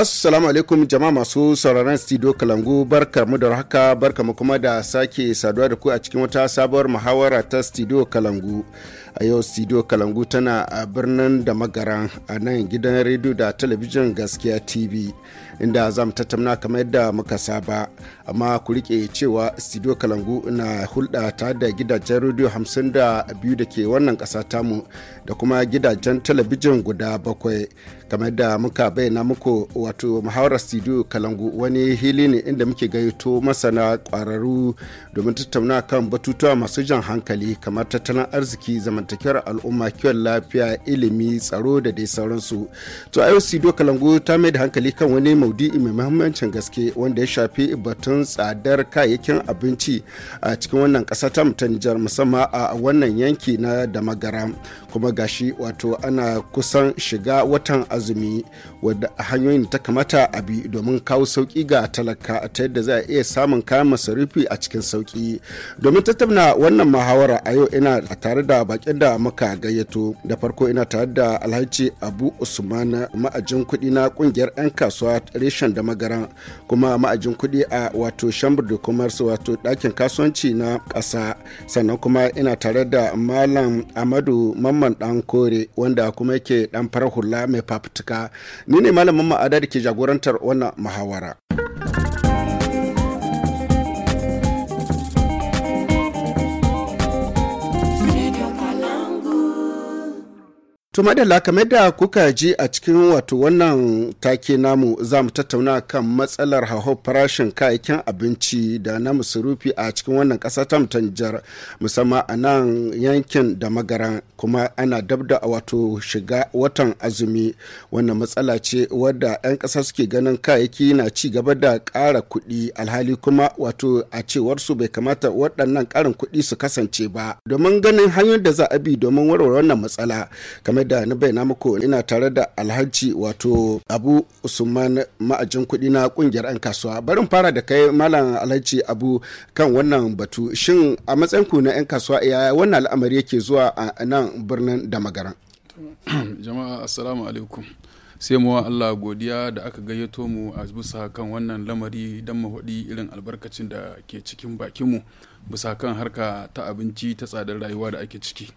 Assalamu alaikum jama'a masu sauraron studio Kalangu barka mu da haka barka mu kuma da sake saduwa da ku a cikin wata sabuwar muhawara ta studio Kalangu. A yau studio Kalangu tana a birnin da magaran a nan gidan rediyo da talabijin gaskiya TV inda za mu tattauna kamar yadda muka saba amma ku rike cewa studio kalangu na hulɗa ta da gidajen rediyo 52 da ke wannan ƙasa tamu da kuma gidajen talabijin guda bakwai kamar da muka bayyana muku wato muhawarar studio kalangu wani hili ne inda muke gayyato masana ƙwararru domin tattauna kan batutuwa masu jan hankali kamar tattalin arziki zamantakewar al'umma kiwon lafiya ilimi tsaro da dai sauransu to a yau studio kalangu ta mai da hankali kan wani maudu'i mai muhimmancin gaske wanda ya shafi batun tsadar kayayyakin abinci a cikin wannan ƙasa ta mutanjar musamman a wannan yanki na damagara kuma gashi wato ana kusan shiga watan azumi wadda hanyoyin ta kamata a bi domin kawo sauki ga talaka ta yadda za a iya samun kayan masarufi a cikin sauki domin tattauna wannan muhawara a yau ina tare da bakin da muka gayyato da farko ina tare da alhaji abu usman ma'ajin kuɗi na ƙungiyar 'yan kasuwa reshen da magaran kuma ma'ajin kuɗi a wato chambre de commerce wato ɗakin kasuwanci na ƙasa sannan kuma ina tare da malam amadu mamman dan kore wanda kuma yake dan farar hula mai fafutuka ni ne malam mamman adar ke jagorantar wannan muhawara. To madalla kamar da kuka ji a cikin wato wannan take namu za mu tattauna kan matsalar hauhau farashin kayayyakin abinci da na musurufi a cikin wannan kasa ta mutanjar musamman a nan yankin da magara kuma ana dabda a wato shiga watan azumi wannan matsala ce wadda 'yan kasa suke ganin kayayyaki na ci gaba da ƙara kuɗi alhali kuma wato a cewar su bai kamata waɗannan karin kuɗi su kasance ba domin ganin hanyoyin da za a bi domin warware wannan matsala kamar da na bayyana muku ina tare da alhaji wato abu usman ma'ajin kuɗi na ƙungiyar 'yan kasuwa barin fara da kai malam alhaji abu kan wannan batu shin a matsayin ku na 'yan kasuwa yaya wannan al'amari yake zuwa a nan birnin da magaran jama'a assalamu alaikum sai mu Allah godiya da aka gayyato mu a bisa kan wannan lamari don mahudi irin albarkacin da ke cikin bakinmu bisa kan harka ta abinci ta tsadar rayuwa da ake ciki.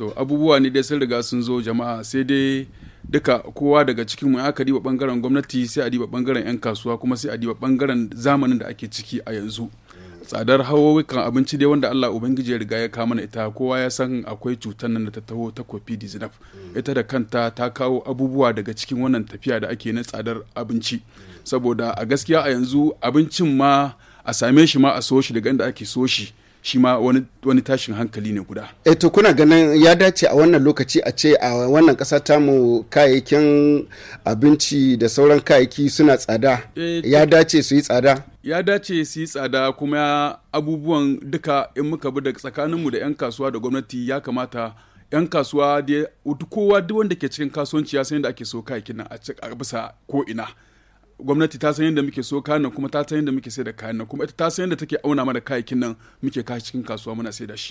to abubuwa ne dai sun riga sun zo jama'a sai dai duka kowa daga cikin mu aka diba bangaren gwamnati sai a diba bangaren 'yan kasuwa kuma sai a diba bangaren zamanin da ake ciki a yanzu tsadar hawowikan abinci dai wanda Allah Ubangiji ya riga ya kama na ita kowa ya san akwai cutar nan da ta taho ta covid zinaf ita da kanta ta kawo abubuwa daga cikin wannan tafiya da ake na tsadar abinci saboda a gaskiya a yanzu abincin ma a same shi ma a so shi daga inda ake so shi shi ma wani, wani tashin hankali ne guda. E to kuna ganin ya dace a wannan lokaci a ce a wannan ƙasa tamu kayayyakin abinci da sauran kayayyaki suna tsada. Eh, ya dace su yi tsada. Ya dace su yi tsada kuma abubuwan duka in muka bi da tsakaninmu da 'yan kasuwa da gwamnati ya kamata 'yan kasuwa da kowa duk wanda ke cikin kasuwanci ya san yadda ake so kayayyakin nan a bisa ko ina. gwamnati ta san yadda muke so kayan kuma ta san yadda muke sai da kayan nan kuma ita ta san yadda take auna mana kayayyakin nan muke kashi cikin kasuwa muna sai eh, da shi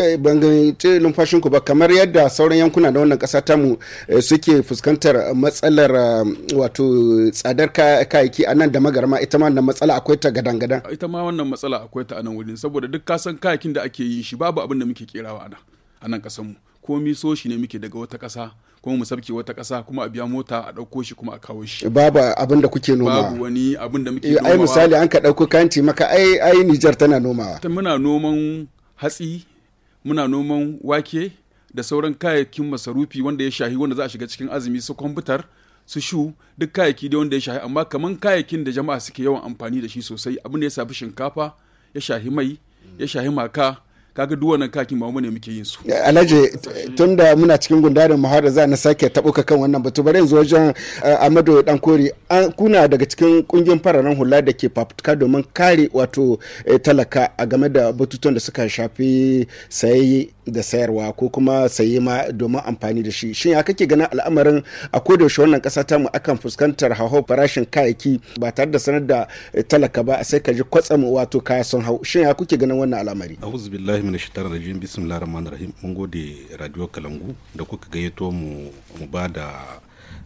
eh, ban ce numfashinku ba kamar yadda sauran yankuna da wannan ta tamu eh, suke fuskantar matsalar wato tsadar kayayyaki a nan da magarma ita ma wannan matsala akwai ta gadan-gadan ita ma wannan matsala akwai ta a nan wurin saboda duk ka san kayayyakin da ake yi shi babu abin da muke kerawa a nan a nan kasanmu komi so ne muke daga wata kasa kuma mu sabke wata kasa kuma a biya mota a ɗauko shi kuma a kawo shi babu abin da kuke noma babu wani abin da muke eh, nomawa ai misali an ka ɗauko kanti maka ai ai Niger tana nomawa muna noman hatsi muna noman wake da sauran kayayyakin masarufi wanda ya shahi wanda za a shiga cikin azumi su kwamfutar su shu duk kayayyaki da wanda ya shahi amma kaman kayayyakin da jama'a suke yawan amfani da shi sosai abin da ya shafi shinkafa ya shahi mai ya shahi maka kaga duk wannan kakin ba mu ne muke yin su alhaji tunda muna cikin gundarin muhara za na sake tabuka kan wannan batu bari yanzu wajen eh, amadu dan an kuna daga cikin kungiyar fararen hula da ke fafutuka domin kare wato eh, talaka a game da batutun da suka shafi sayayye da sayarwa ko kuma saye ma domin amfani da shi shin ya kake ganin al'amarin a kodayaushe wannan ƙasa ta mu akan fuskantar hauhau farashin kayayyaki ba tare da sanar da eh, talaka ba sai ka ji kwatsam wato kaya sun hau shin ya kuke ganin wannan al'amari a'udhu billahi minash shaitanir rajim bismillahir rahmanir rahim mun gode radio kalangu da kuka gayyato mu mu ba da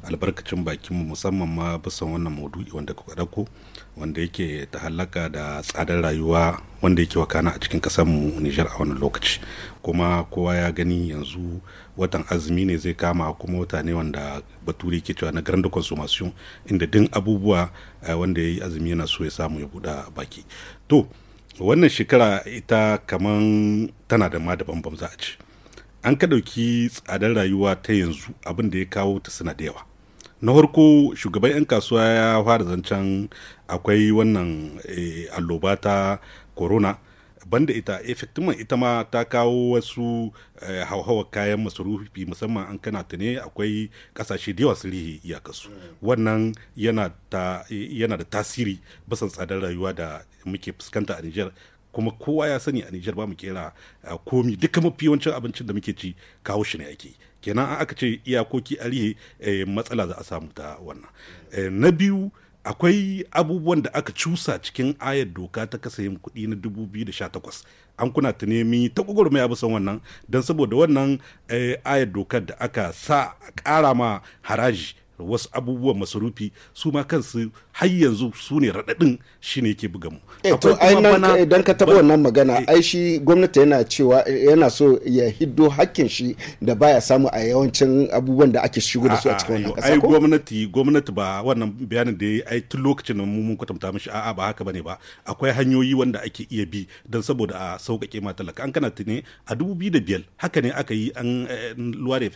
albarkacin bakin mu musamman ma bisan wannan maudu'i wanda kuka dauko wanda yake ta hallaka da tsadar rayuwa wanda yake wakana a cikin mu Nijar a wani lokaci kuma kowa ya gani yanzu watan azumi ne zai kama kuma wata ne wanda baturi ke cewa na garin da consommation inda din abubuwa eh, wanda ya yi azumi yana so ya samu ya buɗa baki to wannan shekara ita kaman tana da ma da bambam za a ce an ka ɗauki tsadar rayuwa ta yanzu abin da ya kawo ta suna da yawa na harko shugaban 'yan kasuwa ya fara zancen akwai wannan eh, alloba ta corona banda ita efektiman ita ma ta kawo wasu eh, hauhawar kayan masarufi musamman an kana ta ne akwai kasashe da yawa sirihi kasu wannan yana da tasiri basan tsadar rayuwa da muke fuskanta a Nijar kuma kowa ya sani a Nijar ba mu kera komi duka mafi yawancin abincin da muke ci kawo shi ne ake kenan an aka ce iyakoki rihe eh, matsala za a samu ta wannan eh, na biyu akwai abubuwan da aka cusa cikin ayar doka ta kasayin kuɗi na 2018 an kuna ta nemi ta gwagwarmaya bisan wannan don saboda wannan eh, ayar dokar da aka sa ƙara ma haraji wasu abubuwan masarufi su ma kansu har yanzu su ne raɗaɗin shi ne ke buga mu. Eh, to ai idan ka taɓa wannan magana eh. ai shi gwamnati yana cewa yana so ya hiddo hakkin shi da baya samu a yawancin abubuwan da ake shigo da su a cikin wannan ƙasa ai gwamnati gwamnati ba wannan bayanin da ya ai tun lokacin da mun kwatanta mishi a'a ba haka bane ba akwai hanyoyi wanda ake iya bi don saboda a sauƙaƙe ma talaka an kana tuni a dubu biyu da biyar haka ne aka yi an eh, luware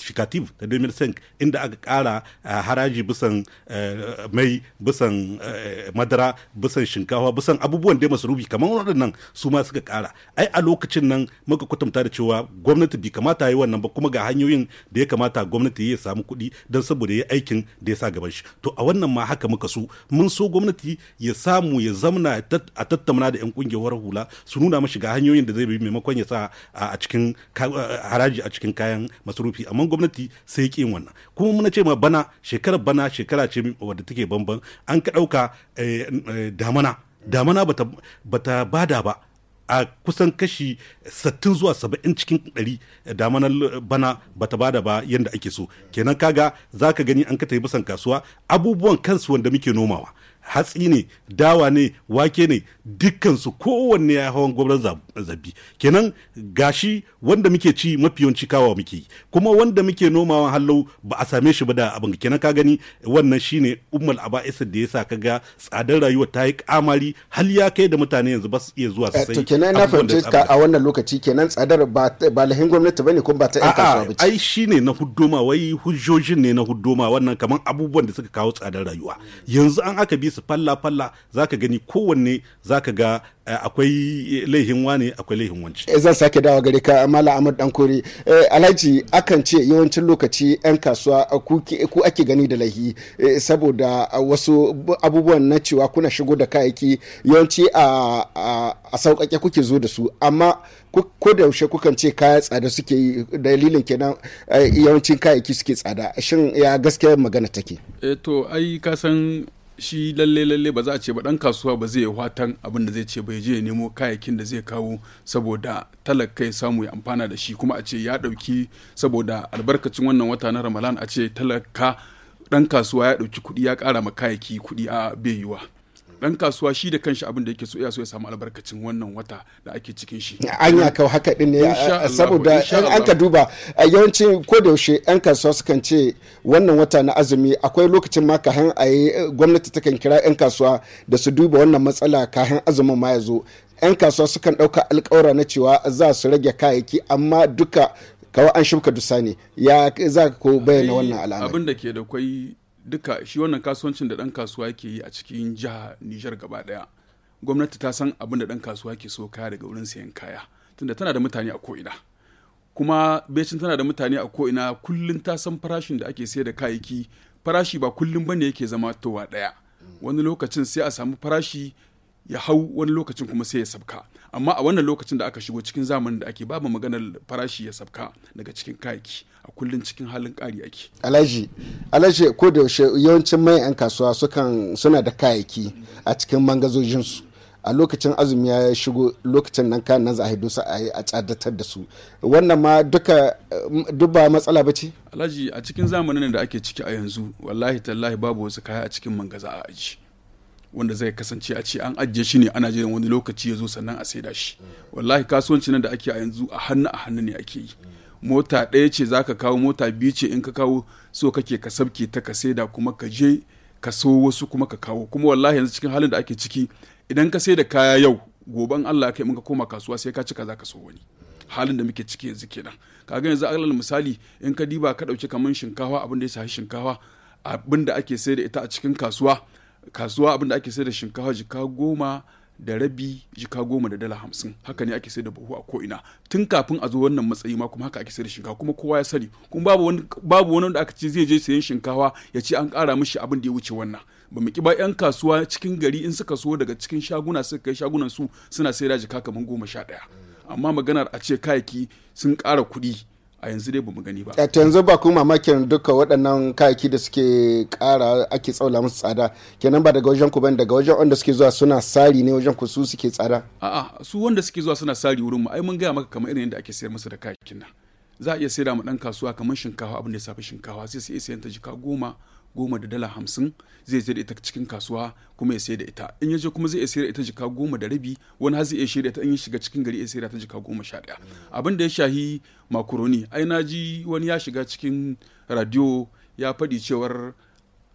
rectificative da 2010 tank inda aka ƙara eh, haraji bisan eh, mai bisan eh, madara bisan shinkafa bisan abubuwan dai masarufi kamar waɗannan su ma suka kara ai a lokacin nan muka kwatanta da cewa gwamnati bai kamata yi wannan ba kuma ga hanyoyin da ya kamata gwamnati ya samu kuɗi don saboda ya aikin da ya sa gaban shi to a wannan ma haka muka so mun so gwamnati ya samu ya zamna a tattauna da 'yan kungiyar hula su nuna mashi ga hanyoyin da zai bi maimakon ya sa a cikin haraji a cikin kayan masarufi amma gwamnati sai ya wannan kuma muna ce ma bana shekarar bana shekara ce wadda take banban an ka ɗauka eh, eh, damana damana bata bada ba a kusan kashi 60 zuwa 70 cikin 100 eh, damanar bana bata bada ba yadda ake so kenan kaga za ka gani an ka tafi bisan kasuwa abubuwan kansu wanda muke nomawa hatsi ne dawa ne wake ne dukkansu kowanne ya hawan gwamnan zabi kenan gashi wanda muke ci mafi yawanci kawawa muke yi kuma wanda muke nomawa hallau ba a same shi ba da abin kenan ka gani wannan shine ummal aba'isa da yasa ka ga tsadar rayuwa ta yi kamari hal ya kai da mutane yanzu ba su iya zuwa su sai eh, to kenan na fahimci ka a wannan lokaci kenan tsadar ba ba lahin gwamnati bane kuma ba ta yan kasuwa ba ai shine na huddoma wai hujjojin ne na huddoma wannan kaman abubuwan da suka kawo tsadar rayuwa yanzu an aka bi su falla falla ka gani kowanne za ka ga eh, akwai laihin wani akwai laihin wanci. Eh, zan sake dawa gare ka mala amur dan kore eh, alhaji akan ce yawancin lokaci yan kasuwa ku ake gani da laihi saboda wasu abubuwan na cewa kuna shigo da kayayyaki yawanci a sauƙaƙe kuke zo da su amma ko da yaushe kukan ce kaya tsada suke yi dalilin kenan yawancin kayayyaki suke tsada shin ya gaskiya magana take to ai ka san shi lalle lalle ba za a ce ba dan kasuwa ba zai watan abin da zai ce bai je ya nemo kayayyakin da zai kawo saboda talaka samu ya amfana da shi kuma a ce ya dauki saboda albarkacin wannan wata na ramadan a ce talaka dan kasuwa ya dauki kuɗi ya kara ma kayayyaki kuɗi a bai yiwa dan kasuwa shi da kanshi abin da yake so ya so ya samu albarkacin wannan wata da ake cikin shi ya kawo haka din ne eh, saboda an ka duba eh, yawanci ko da yaushe yan kasuwa sukan ce wannan wata na azumi akwai lokacin ma kahan a eh, gwamnati takan kira yan kasuwa da su duba wannan matsala kahan azumin ma ya zo 'yan kasuwa sukan ɗauka alƙawura na cewa za su rage kayayyaki amma duka kawai an shuka dusa ne ya za ko bayyana wannan al'amari abin da ke da kwai duka shi wannan kasuwancin da ɗan kasuwa ke yi a cikin jiha Nijar gaba ɗaya gwamnati ta san abin da ɗan kasuwa ke so kaya daga wurin sayan kaya tunda tana da mutane a ko'ina kuma becin tana da mutane a ko'ina kullum ta san farashin da ake sayar da kayayyaki farashi ba kullum bane yake zama towa ɗaya wani lokacin sai a samu farashi ya hau wani lokacin kuma sai ya sabka amma a wannan lokacin da aka shigo cikin zamanin da ake babu maganar farashi ya sabka daga cikin kayaki a kullun cikin halin ƙari ake alaji alhaji ko da yaushe yawancin mai yan kasuwa sukan suna da kayaki a cikin mangazojin su a lokacin azumi ya shigo lokacin nan kayan nan za a haido su a yi a tsadatar da su wannan ma duka matsala ba ce alhaji a cikin zamanin da ake ciki a yanzu wallahi tallahi babu wasu kaya a cikin mangaza a aji wanda zai kasance a ce an ajiye shi ne ana jiran wani lokaci ya zo sannan a saida shi wallahi kasuwanci nan da ake a yanzu a hannu a hannu ne ake yi mota ɗaya ce za ka kawo mota biyu ce in ka kawo so kake ka sabke ta ka saida kuma ka je ka so wasu kuma ka kawo kuma wallahi yanzu cikin halin da ake ciki idan ka saida kaya yau goban Allah kai in ka koma kasuwa sai ka cika za ka so wani halin da muke ciki yanzu kenan kaga yanzu alal misali in ka diba ka ɗauki kamar shinkafa abin da ya shafi shinkafa abin da ake saida ita a cikin kasuwa kasuwa abinda ake sai da shinkafa jika goma da rabi jika goma da dala hamsin haka ne ake sai da buhu a ko'ina tun kafin a zo wannan matsayi ma kuma haka ake sai da shinkafa kuma kowa ya sani kuma babu wani babu da aka ce zai je sayan shinkafa ya ce an ƙara mishi abin da ya wuce wannan ba mu ba 'yan kasuwa cikin gari in suka so daga cikin shaguna suka kai shagunan su suna sai da jika kamar goma sha ɗaya amma maganar a ce kayaki sun ƙara kuɗi a yanzu dai mu gani ba. a yanzu ba kuma mamakin duka waɗannan kayaki da suke ƙara ake tsaula musu tsada kenan ba daga wajen ku ban daga wajen wanda suke zuwa suna sari ne wajen ku su suke tsada. a'a su wanda suke zuwa suna sari wurin mu ai mun gaya maka kamar irin yadda ake sayar musu da kayakin nan za a iya sayar mu ɗan kasuwa kamar shinkafa abin da ya safi shinkafa sai sai sayan ta jika goma goma da dala hamsin zai je da ita cikin kasuwa kuma ya sayar da ita in ya je kuma zai sayar da ita jika goma da rabi wani har zai iya sayar da ita in ya shiga cikin gari ya sayar da ta jika goma sha ɗaya abin da ya shahi makaroni ai na ji wani ya shiga cikin radio ya faɗi cewar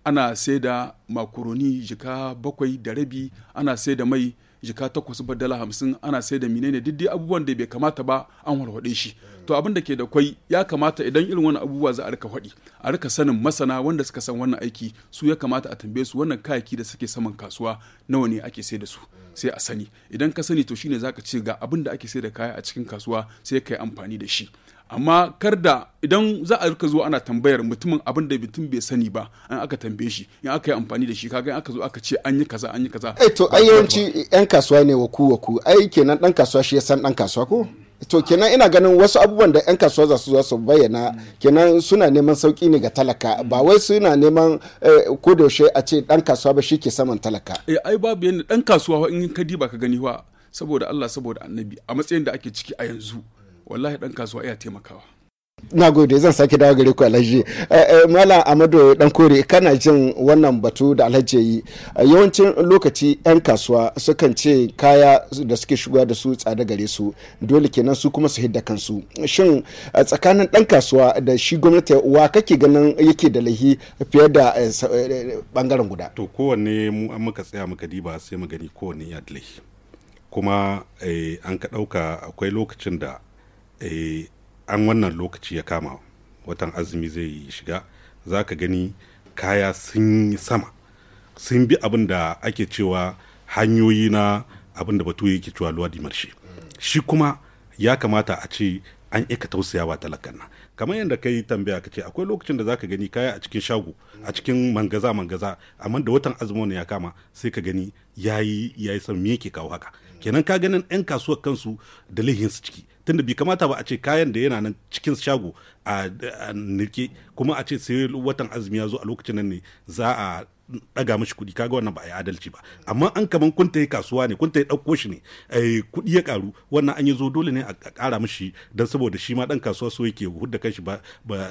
ana sai da makaroni jika bakwai da rabi ana sai da mai jika takwas ba dala hamsin ana sai da menene duk dai abubuwan da bai kamata ba an warware shi to abin da ke da kwai ya kamata idan irin wani abubuwa za a rika faɗi a rika sanin masana wanda suka san wannan aiki su ya kamata a tambaye su wannan kayaki da suke saman kasuwa nawa ne ake sai da su sai a sani idan ka sani to shine zaka ce ga abin da ake sai da kaya a cikin kasuwa sai ka yi amfani da shi amma kar da idan za a rika zo ana tambayar mutumin abin da mutum bai sani ba an aka tambaye shi in aka yi amfani da shi kaga aka zo aka ce an yi kaza an yi kaza eh to ayyanci yan kasuwa ne waku waku ai kenan dan kasuwa shi ya san dan kasuwa ko to kenan ina ganin wasu abubuwan da 'yan kasuwa za su zo su bayyana kenan suna neman sauki ne ga talaka ba wai suna neman eh, ko da yaushe a ce dan kasuwa ba shi ke saman talaka eh ai babu yanda dan kasuwa in ka diba ka gani wa saboda Allah saboda annabi a matsayin da ake ciki a yanzu wallahi dan kasuwa iya taimakawa na gode zan sake dawo gare ku alhaji eh, eh, malam amadu dan kore kana jin wannan batu da alhaji yi eh, yawancin lokaci yan kasuwa sukan ce kaya da suke shiga da su tsada gare su dole kenan su kuma su hidda kansu shin tsakanin dan kasuwa da shi gwamnati wa kake ganin yake da lahi fiye da bangaren guda to kowanne mu an muka tsaya muka diba sai mu gani kowanne ya da lahi kuma an ka ɗauka akwai lokacin da an wannan lokaci ya kama watan azumi zai shiga za ka gani kaya sun yi sama sun bi abin da ake cewa hanyoyi na abin da batu yake cewa luwadi marshe shi kuma ya kamata a ce an ika tausayawa talakan nan kamar yadda ka tambaya ka ce akwai lokacin da za ka gani kaya a cikin shago a cikin mangaza mangaza amma da watan azumin ya kama sai ka gani yayi yayi san me yake kawo haka kenan ka ganin yan kasuwar kansu da lihinsu ciki tunda bai kamata ba a ce kayan da yana nan cikin shago a nirke kuma a ce sai watan azumi ya zo a lokacin nan ne za a daga mashi kuɗi kaga wannan ba a yi adalci ba amma an kaman kun ta yi kasuwa ne kun ta yi ɗauko shi ne eh, kuɗi ya karu wannan an yi zo dole ne a ƙara mashi don saboda shi ma ɗan kasuwa so yake hudda kanshi ba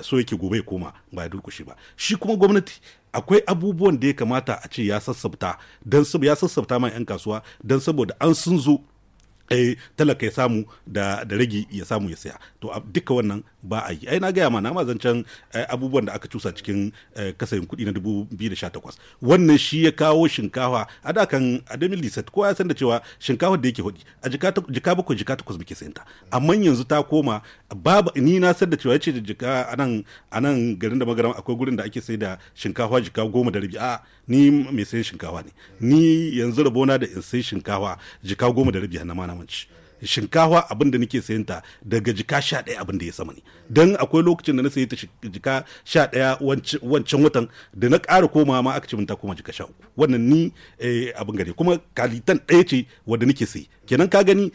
so yake gobe ya koma ba ya durkushe ba shi kuma gwamnati akwai abubuwan da ya kamata a ce ya sassabta don ya sassabta ma 'yan kasuwa don saboda an sun zo eh talaka ya samu da da ragi ya samu ya saya to duka wannan ba a yi ai na gaya ma na ma eh, abubuwan da aka cusa cikin eh, kasayin kuɗi na 2018 wannan shi ya kawo shinkawa a da kan adamin lisat kowa ya san da cewa shinkawa da yake hudi a jika bakwai jika takwas muke sayanta amma yanzu ta koma babu ni na san da cewa yace da jika anan anan garin da magaram akwai gurin da ake sai da shinkawa jika goma da rabi a ni mai sayan shinkawa ne ni yanzu rabona da in sayi shinkawa jika goma da rabi na mana manci shinkawa abin da nake sayan ta daga jika sha ɗaya abin da ya sama ne don akwai lokacin da na sayi ta jika sha ɗaya wancan watan da na ƙara koma ma aka ce min ta koma jika sha uku wannan ni eh, abin gare kuma kalitan ɗaya ce wadda nake sayi kenan ka gani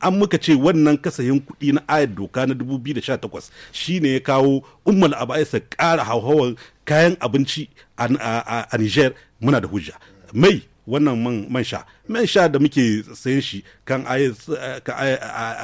an muka ce wannan kasayin kuɗi na ayar doka na 2018 shine ya kawo ummal abaisa ƙara hauhawar kayan abinci a niger muna da hujja mai wannan man sha man sha da muke sayan shi kan a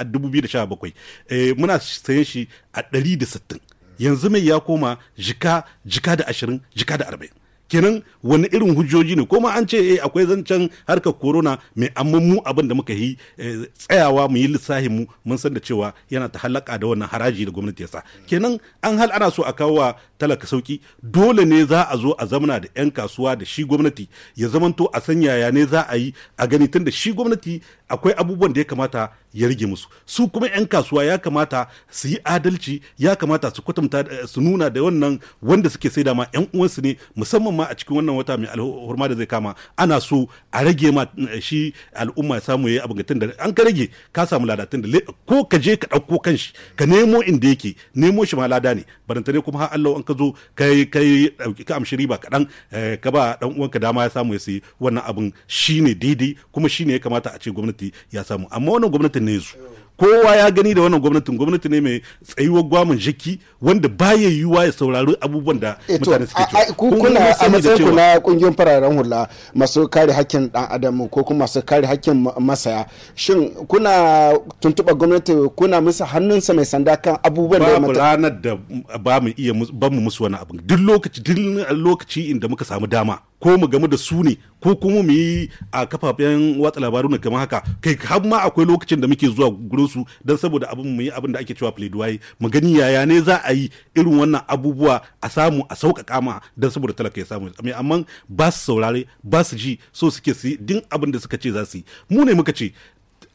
2017 eh, muna sayan shi a 160 yanzu mai ya koma jika jika da 20 jika da 40 kenan wani irin hujjoji ne kuma an ce eh akwai zancen harkar corona mai amma mu abin da muka yi eh, tsayawa mu yi lissahin mu mun san da cewa yana ta halaka da wannan haraji da gwamnati ya sa kenan an hal ana so a kawo wa talaka sauki dole ne za a zo a zamana da yan kasuwa da shi gwamnati ya zamanto a san yaya ne za a yi a gani tun da shi gwamnati akwai abubuwan da ya kamata ya rage musu su kuma 'yan kasuwa ya kamata su yi adalci ya kamata su kwatanta eh, su nuna da wannan wanda suke sai ma 'yan uwansu ne musamman ma a cikin wannan wata mai alhurma da zai kama ana so a rage ma eh, shi al'umma ya samu yayi abin da an ka rage ka samu ladatin da ko ka je ka ɗauko kanshi ka nemo inda yake nemo shi ma lada ne baranta ne kuma har Allah an ka zo kai kai ka amshi riba kaɗan eh, ka ba dan uwanka dama ya samu ya sayi wannan abin shine daidai kuma shine ya kamata a ce gwamnati gwamnati ya samu amma wannan gwamnatin ne su kowa ya gani da wannan gwamnatin gwamnati ne mai tsayuwar gwamin jiki wanda baya yiwuwa ya saurari abubuwan da eh mutane suke cewa kuna a matsayin ku na kungiyar fararen hula masu kare hakkin dan adam ko kuma masu kare hakkin masaya shin kuna tuntuɓa gwamnati kuna musu hannun sa mai sanda kan abubuwan da mata ranar da ba mu iya ba mu musu wani abu duk lokaci duk lokaci inda muka samu dama ko mu game da su ne ko kuma mu yi a kafafen watsa labaru ne kamar haka kai har ma akwai lokacin da muke zuwa gurin su don saboda abin mu yi abin da ake cewa pledoyer mu gani yaya ne za a yi irin wannan abubuwa a samu a sauƙaƙa ma don saboda talaka ya samu amma amma ba su saurare ba su ji so suke su din abin da suka ce za su yi mu ne muka ce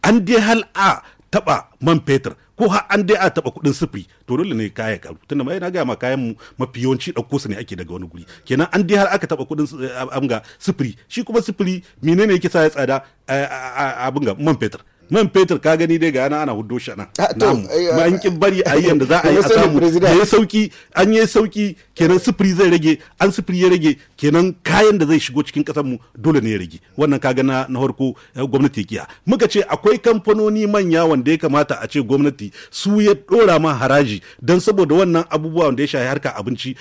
an dai hal a taɓa man fetur ko har an dai a taba kuɗin sufuri to dole ne kaya karu tunda mai na ga ma kayan mu mafi yawanci ɗauko su ne ake daga wani guri kenan an dai har aka taba kuɗin eh, amga sufuri shi kuma sufuri menene yake sa ya tsada eh, abin ga man fetur man fetur ka gani dai ga ana ana huddo shi nan ma in kin bari a yi yanda za a yi a samu da ya sauki an yi sauki kenan sufuri zai rage an sufuri ya rage kenan kayan da zai shigo cikin kasar mu dole ne ya rage wannan kaga na na farko eh, gwamnati kiya muka ce akwai kamfanoni manya wanda ya kamata a ce gwamnati su ya dora ma haraji dan saboda wannan abubuwa wanda ya shafi harka abinci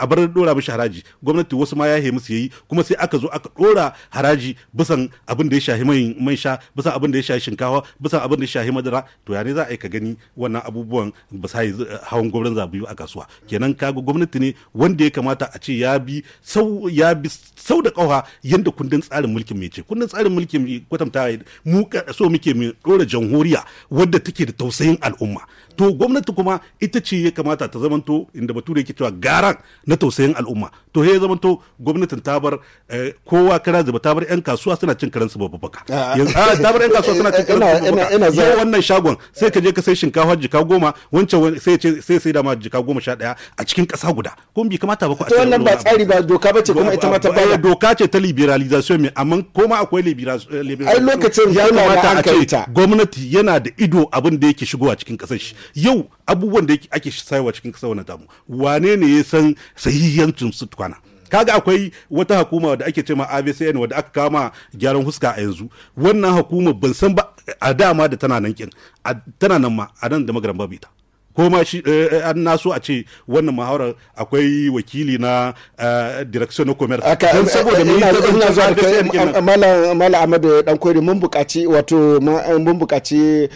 a bar dora mishi haraji gwamnati wasu ma ya he musu yayi kuma sai aka zo aka dora haraji bisan abin da ya shafi mai sha bisan abin da ya shahi shinkawa bisa abin da shahi madara to ya ne za a yi ka gani wannan abubuwan ba sa eh, hawan gwamnan zabiyu a kasuwa kenan kaga gwamnati ne wanda ya kamata a ce ya bi sau ya bi sau da kauha yanda kundin tsarin mulkin mai ce kundin tsarin mulkin kwatanta mu so muke mu dora jamhuriya wadda take da tausayin al'umma to gwamnati kuma ita ce ya kamata ta zamanto inda bature yake cewa gara na tausayin al'umma to ya zamanto gwamnatin ta bar eh, kowa kara zuba ta bar yan kasuwa suna cin karansu babu baka yanzu ah, ta bar yan kasuwa suna cin karansu babu baka yau wannan shagon sai ka je ka sai shinkafa jika goma wancan sai ce sai sai da ma jika goma sha daya a cikin kasa guda ko bi kamata ba ku a cikin wannan ba tsari ba doka bace kuma ita ma ta bayar doka ce ta liberalization mai amma koma akwai liberalization eh, ai lokacin ya kamata a ce gwamnati yana da ido abin da yake shigo a cikin kasar shi yau abubuwan da ake saiwa cikin kasar wani tamu wane ne ya san sahihancin su tukwana kaga akwai wata hukuma da ake cewa ABCN wadda aka kama gyaran huska a yanzu wannan hukuma ban san ba a dama da tana nan kin tana nan ma a nan da magaran babu ita ko ma shi eh, an naso a ce wannan muhawarar akwai wakili na eh, direction na commerce don eh, saboda mun ina zuwa da mala mala amadu dan koyi mun buƙaci wato mun buƙaci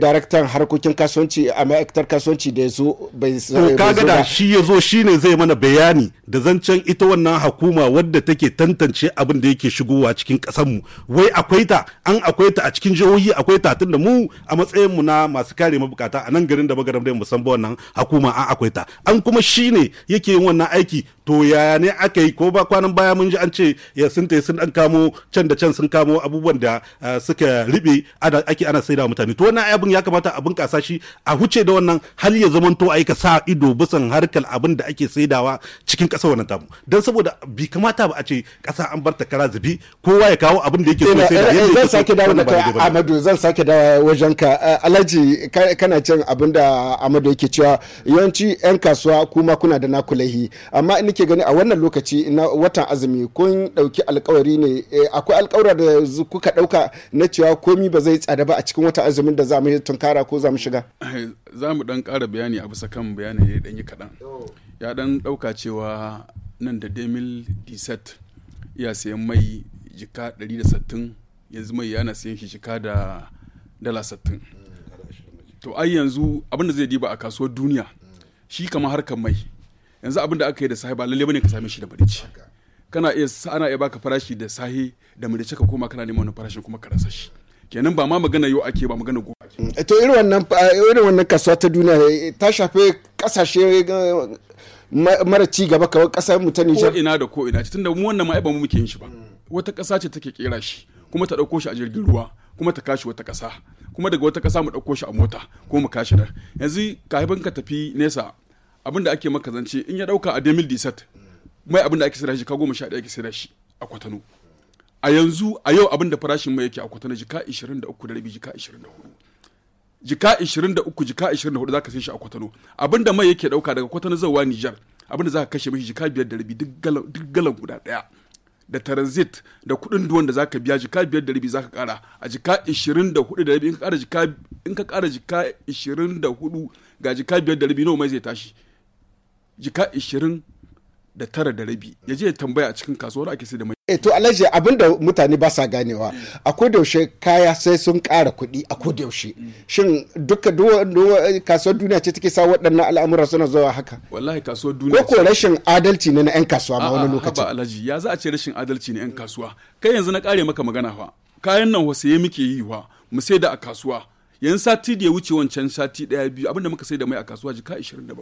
daraktan harkokin kasuwanci a ma'aikatar kasuwanci da yazo bai Ka kaga da shi yazo shine zai mana bayani da zancen ita wannan hukuma wadda take tantance abin da yake shigowa cikin kasar mu wai akwai ta an akwai ta a cikin jihohi akwai ta tunda mu a matsayin mu na masu kare mabukata a nan garin da magaram musamman wannan hukuma an akwai ta an kuma shine yake yin wannan aiki to yaya ne aka yi ko ba kwanan baya mun ji an ce ya sun tai sun dan kamo can da can sun kamo abubuwan da suka ribe ana ake ana saida mutane to wannan abin ya kamata a bunƙasa shi a huce da wannan hal ya zama to aika sa ido bisan harkar abin da ake saidawa cikin ƙasar wannan tamu dan saboda bi kamata ba a ce ƙasa an bar ta kara zubi kowa ya kawo abin da yake so sai eh, eh, da zan sake dawo da kai Amadu zan sake dawo wajen ka Alhaji kana cin abin da Amadu yake cewa yawanci 'yan kasuwa kuma kuna da nakulahi amma in nake gani a wannan lokaci na watan azumi kun dauki alkawari ne eh, akwai alkawura da kuka dauka na cewa komi ba zai tsada ba a cikin watan azumin da za mu tunkara ko za mu shiga eh, za mu ɗan ƙara bayani a bisa kan bayanin da ɗan yi kaɗan ya ɗan ɗauka cewa nan da demil diset iya sayan mai jika 160 yanzu mai yana sayan shi jika da dala 60 to ai yanzu abin da zai diba a kasuwar duniya shi kamar harkar mai yanzu abin da aka yi da sahi ba lalle bane ka same shi da barici kana iya ana iya baka farashi da sahi da murice ka koma kana neman wani farashi kuma ka rasa shi kenan ba ma magana yau ake ba magana gobe ake mm, to irin wannan eh, irin wannan kasuwa ta duniya eh, eh, ta shafe kasashe mara ci gaba kawai kasar mu ta Nijar ko ina da ko ina tunda mu wannan ma ba mu muke yin shi ba mm. wata kasa ce take kera shi kuma ta dauko shi a jirgin ruwa kuma ta kashi wata kasa kuma daga wata kasa mu dauko shi a mota ko mu kashi nan yanzu kafin ka tafi nesa abin da ake maka zance in ya dauka a demil disat mai abin da ake sayar shi ka goma sha ɗaya ake sayar shi a kwatano a yanzu a yau abin da farashin mai yake a kwatano jika 23 da rabi jika 24 jika 23 jika 24 zaka sai shi a kwatano abin da mai yake dauka daga kwatano zuwa Niger abin da zaka kashe mishi jika biyar da rabi duk galan guda daya da transit da kudin duwan da zaka biya jika biyar da rabi zaka kara a jika 24 da rabi in ka kara jika in ka kara jika 24 ga jika biyar da rabi nawa mai zai tashi jika ishirin da tara da rabi ya je ya tambaya a cikin kasuwar ake sai da mai. E to alhaji abin da mutane ba sa ganewa a kodayaushe kaya sai sun kara kuɗi a kodayaushe shin duka kasuwar duniya ce take sa waɗannan al'amuran suna zuwa haka. Wallahi kasuwar duniya. Ko ko rashin adalci ne na 'yan kasuwa ma wani lokaci ba alhaji ya za a ce rashin adalci ne 'yan kasuwa kai yanzu na kare maka magana fa kayan nan wasaye muke yi wa mu sai da a kasuwa yan sati da ya wuce wancan sati ɗaya biyu abinda muka sai da mai a kasuwa jika 27.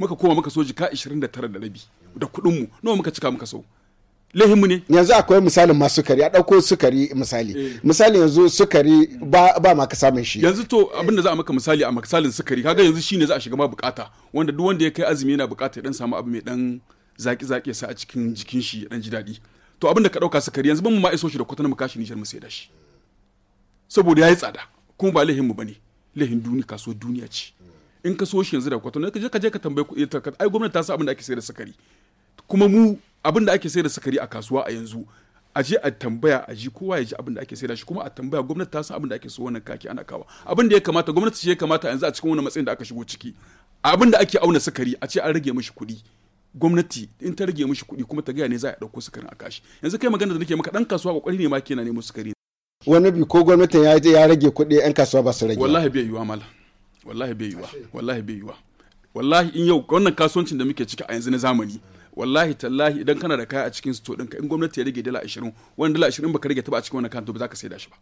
muka koma muka so jika 29 da rabi da kuɗin mu nawa muka cika muka so lehimu ne yanzu akwai misalin ma sukari a ɗauko sukari misali eh. misali yanzu sukari ba, ba ma samun shi yanzu to abin da za a maka misali a misalin sukari kaga yanzu shine za a shiga ma bukata wanda duk wanda ya kai azumi yana bukata ya dan samu abu mai dan zaki zaki sa a cikin jikin shi ya dan ji daɗi to abin da ka ɗauka sukari yanzu ban mu ma iso shi da kwatana mu kashi nishar mu sai da shi saboda yayi tsada kuma ba lehin mu bane lehin duniya kaso duniya ce in ka so shi yanzu da kwatano ka je ka je ka tambaye kuɗi ta ai gwamnati ta san abin da ake sayar da sakari kuma mu abin da ake sayar da sakari a kasuwa a yanzu a je a tambaya a ji kowa ya ji abin da ake sayar da shi kuma a tambaya gwamnati ta san abin da ake so wannan kaki ana kawa abin da ya kamata gwamnati ce ya kamata yanzu a cikin wannan matsayin da aka shigo ciki abin da ake auna sakari a ce an rage mishi kuɗi gwamnati in ta rage mishi kuɗi kuma ta gaya ne za a ɗauko sukarin a kashi yanzu kai magana da nake maka ɗan kasuwa kokari ne ma kenan nemo sukari wani bi ko gwamnatin ya rage kuɗi 'yan kasuwa ba su rage wallahi bai yiwa malam wallahi bai yiwa wallahi bai yiwa wallahi in yau wannan kasuwancin da muke ciki a yanzu na zamani wallahi tallahi idan kana da kaya a cikin to ɗinka in gwamnati ya rage dala 20 wani dala 20 baka rage ta ba a cikin wannan kanto ba za ka saida shi ba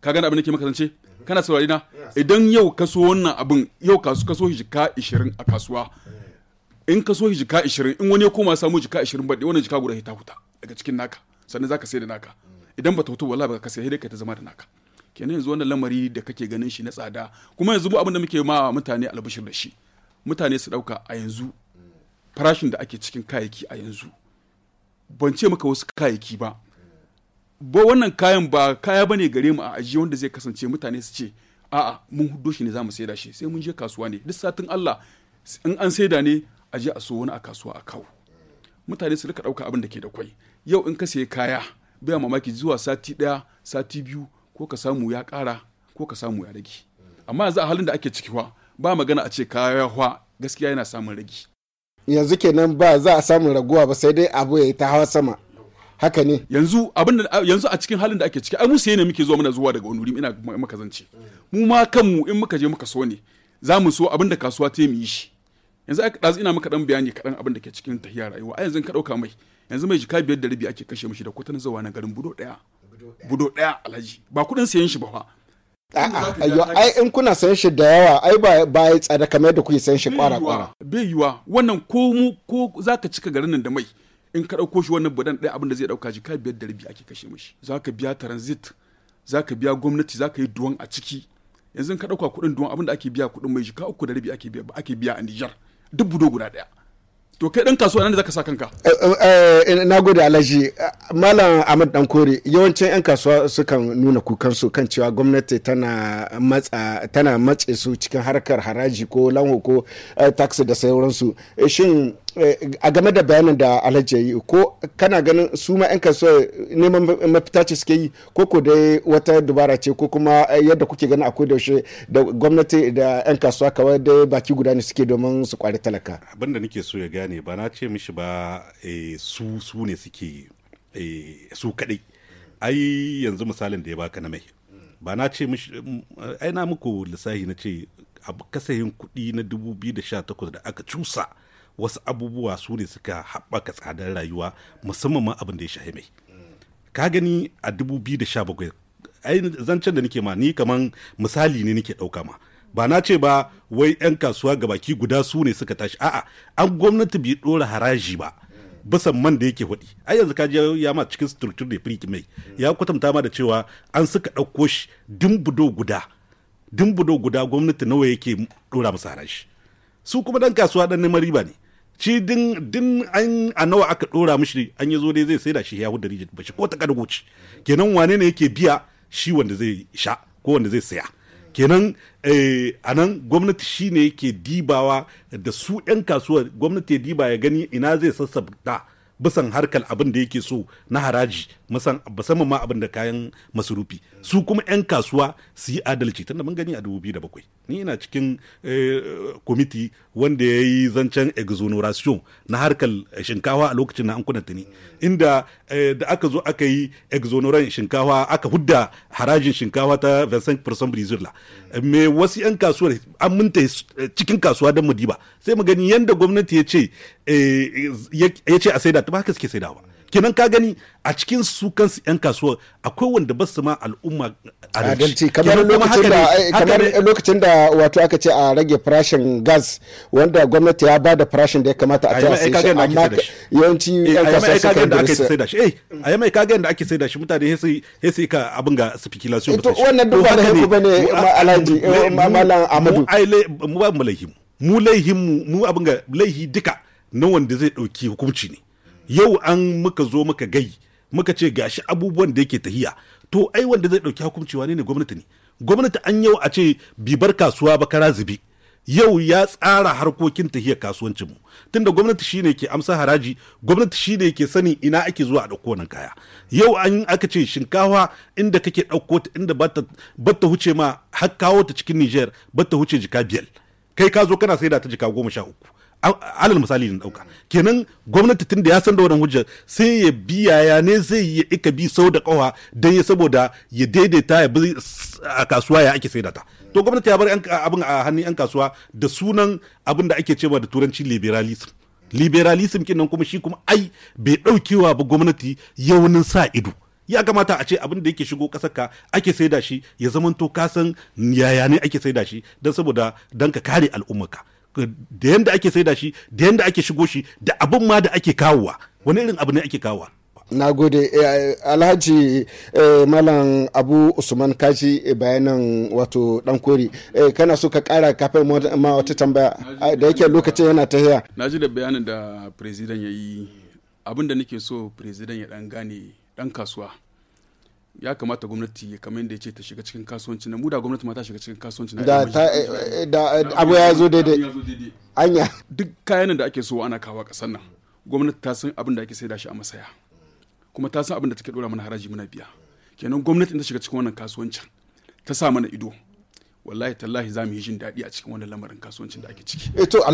ka gane abin da ke maka zance kana saurari na idan yau kaso wannan abin yau kasu kaso jika 20 a kasuwa in kaso jika 20 in wani ya koma samu jika 20 dai wannan jika guda ta huta daga cikin naka sannan za ka saida da naka idan ba ta hutu wallahi ba ka sai dai ka ta zama da naka kenan yanzu wannan lamari da kake ganin shi na tsada kuma yanzu mu abin da muke ma mutane albashir da shi mutane su dauka a yanzu farashin da ake cikin kayayyaki a yanzu ban ce maka wasu kayayyaki ba ba wannan kayan ba kaya bane gare mu a ajiye wanda zai kasance mutane su ce a'a mun hudo shi ne za mu saida shi sai mun je kasuwa ne duk satin Allah in an saida ne a je a so wani a kasuwa a kawo mutane su rika dauka abin da ke da kwai yau in ka sayi kaya baya mamaki zuwa sati daya sati biyu ko ka samu ya ƙara ko ka samu ya rage amma yanzu a halin da ake ciki ba magana a ce kaya gaskiya yana samun rage yanzu kenan ba za a samun raguwa ba sai dai abu ya yi ta hawa sama haka ne yanzu abin yanzu a cikin halin da ake ciki ai mu sai ne muke zuwa muna zuwa daga wani ina maka zance mu ma kanmu in muka je muka so ne za mu so abin da kasuwa ta yi shi yanzu ai ɗazu ina maka dan bayani kadan abin da ke cikin tahiyar rayuwa ai yanzu ka ɗauka mai yanzu mai jika biyar da rubi ake kashe mishi da kwatan zawa na garin budo ɗaya budo daya alhaji ba kudin sayan shi ba fa A'a, ai in kuna sayan shi da yawa, ai ba ba ya tsada kamar yadda kuke sayan shi kwara kwara. Bai yiwa, wannan ko mu ko zaka cika garin nan da mai. In ka dauko shi wannan budan ɗaya abin da zai dauka shi kai biyar da rabi ake kashe mishi. Zaka biya transit, zaka biya gwamnati, zaka yi duwan a ciki. Yanzu ka dauka kuɗin duwan abin da ake biya kuɗin mai shi ka uku da rabi ake biya ba ake biya a Nijar. Duk budo guda ɗaya. to kai kasuwa nan da zaka sa kanka eh, eh, eh, na gode alhaji malam ahmad dan kore yawancin yan kasuwa sukan nuna kukansu kan cewa gwamnati tana matsa tana matse su cikin harkar haraji ko lanho ko tax da sauransu shin Eh, a game da bayanin da alhaji yi ko kana ganin su ma 'yan kasuwa neman mafita ce suke yi ko ko dai wata dubara ce ko kuma eh, yadda kuke ganin akwai daushe da gwamnati da 'yan kasuwa kawai dai baki guda ne suke domin su kwari talaka abin da nake so ya gane ba na ce mishi ba eh, su su ne suke su kadai ai yanzu misalin da ya baka na mai ba na ce mishi mm, ai na muku lissahi na ce kasayin kuɗi na 2018 da aka cusa wasu abubuwa su ne suka haɓaka tsadar rayuwa musamman ma abin da ya shahi mai ka gani a 2017 ai zancen da nake ma ni kaman misali ne nake ɗauka ma ba na ce ba wai 'yan kasuwa gabaki guda su ne suka tashi a'a an gwamnati bai ɗora haraji ba bisa man da yake hudi ai yanzu ka je ya ma cikin structure da free mai ya kwatanta ma da cewa an suka ɗauko shi dimbudo guda dimbudo guda gwamnati nawa yake ɗora masa haraji. su kuma dan kasuwa dan neman riba ne shi din din an a nawa aka dora mishi an yi zo dai zai saida shi ya hudu rijit bashi ko ta kadgoci kenan wane ne yake biya shi wanda zai sha ko wanda zai saya kenan eh, anan gwamnati shi ne yake dibawa da su 'yan kasuwa gwamnati ya diba ya gani ina zai sassabta bisan harkar abin da yake so na haraji musamman ma abin da kayan masurufi su kuma 'yan kasuwa su yi adalci tunda mun gani a 2007 ni ina cikin eh, kwamiti wanda ya yi zancen exoneration na harkar shinkawa a lokacin na an kuna tuni inda eh, da aka zo aka yi exoneration shinkawa aka hudda harajin shinkawa ta person brazil me wasu 'yan kasuwar an minta cikin kasuwa don mu sai mu gani yadda gwamnati eh, ya ce a saida ta ba haka suke saidawa kenan ka gani a cikin su kansu yan kasuwa akwai wanda ba su ma al'umma a kamar kamar lokacin da wato aka ce a rage farashin gas wanda gwamnati ya ba da farashin da ya kamata a ta sai shi amma yawanci eh, yan kasuwa su kan da ake sai da shi eh a yamai kaga da ake sai da shi mutane sai sai ka abin ga sifikilasyon eh, ba wannan duk ba da haiku bane alhaji eh, malam amadu mu ai mu ba mu laihi mu laihin mu abin ga laihi duka na wanda zai dauki hukunci ne yau an muka zo muka gai muka ce gashi abubuwan da yake tahiya to ai wanda zai dauki hukunci wane ne gwamnati ne gwamnati an yau a ce bibar kasuwa ba kara zubi yau ya tsara harkokin tahiyar kasuwancin mu tunda gwamnati shine ke amsa haraji gwamnati shine ke sani ina ake zuwa a dauko nan kaya yau an aka ce shinkawa inda kake dauko ta inda bata huce ma har kawo ta cikin Niger bata huce jika biyar kai ka zo kana saida ta jika goma sha uku alal misali ne dauka kenan gwamnati tun da ya san da wannan hujjar sai ya biya ya ne zai yi ika bi sau da kawa dan ya saboda ya daidaita ya bi a kasuwa ya ake saida ta to gwamnati ya bar abin a hannun yan kasuwa da sunan abin da ake cewa da turanci liberalism liberalism kinan kuma shi kuma ai bai daukewa ba gwamnati yaunin sa ido ya kamata a ce abin da yake shigo kasar ka ake saida shi ya zamanto kasan yaya ne ake saida shi don saboda dan ka kare al'ummarka da yanda ake saida shi da yanda ake shigo shi da abin ma da ake kawowa wani irin abu ne ake kawowa na gode eh, alhaji eh, malam abu usman kaji bayanan wato dan kori eh, kana so ka kara kafin ma wata tambaya ah, da yake lokacin yana ta haya na ji da bayanin da president ya yi abin da nake so president ya dan gane dan kasuwa ya kamata gwamnati ya kamar yadda ya ce ta shiga cikin kasuwanci na mu da gwamnati ma ta shiga cikin kasuwanci na da ta eh, eh, da eh, abu ya zo daidai anya duk kayan da ake so ana kawo kasar nan gwamnati ta san abin da ake saida shi a masaya kuma ta san abin da take dora mana haraji muna biya kenan gwamnati ta shiga cikin wannan kasuwancin ta sa mana ido wallahi tallahi za mu yi jin daɗi a cikin wannan lamarin kasuwancin da ake ciki. to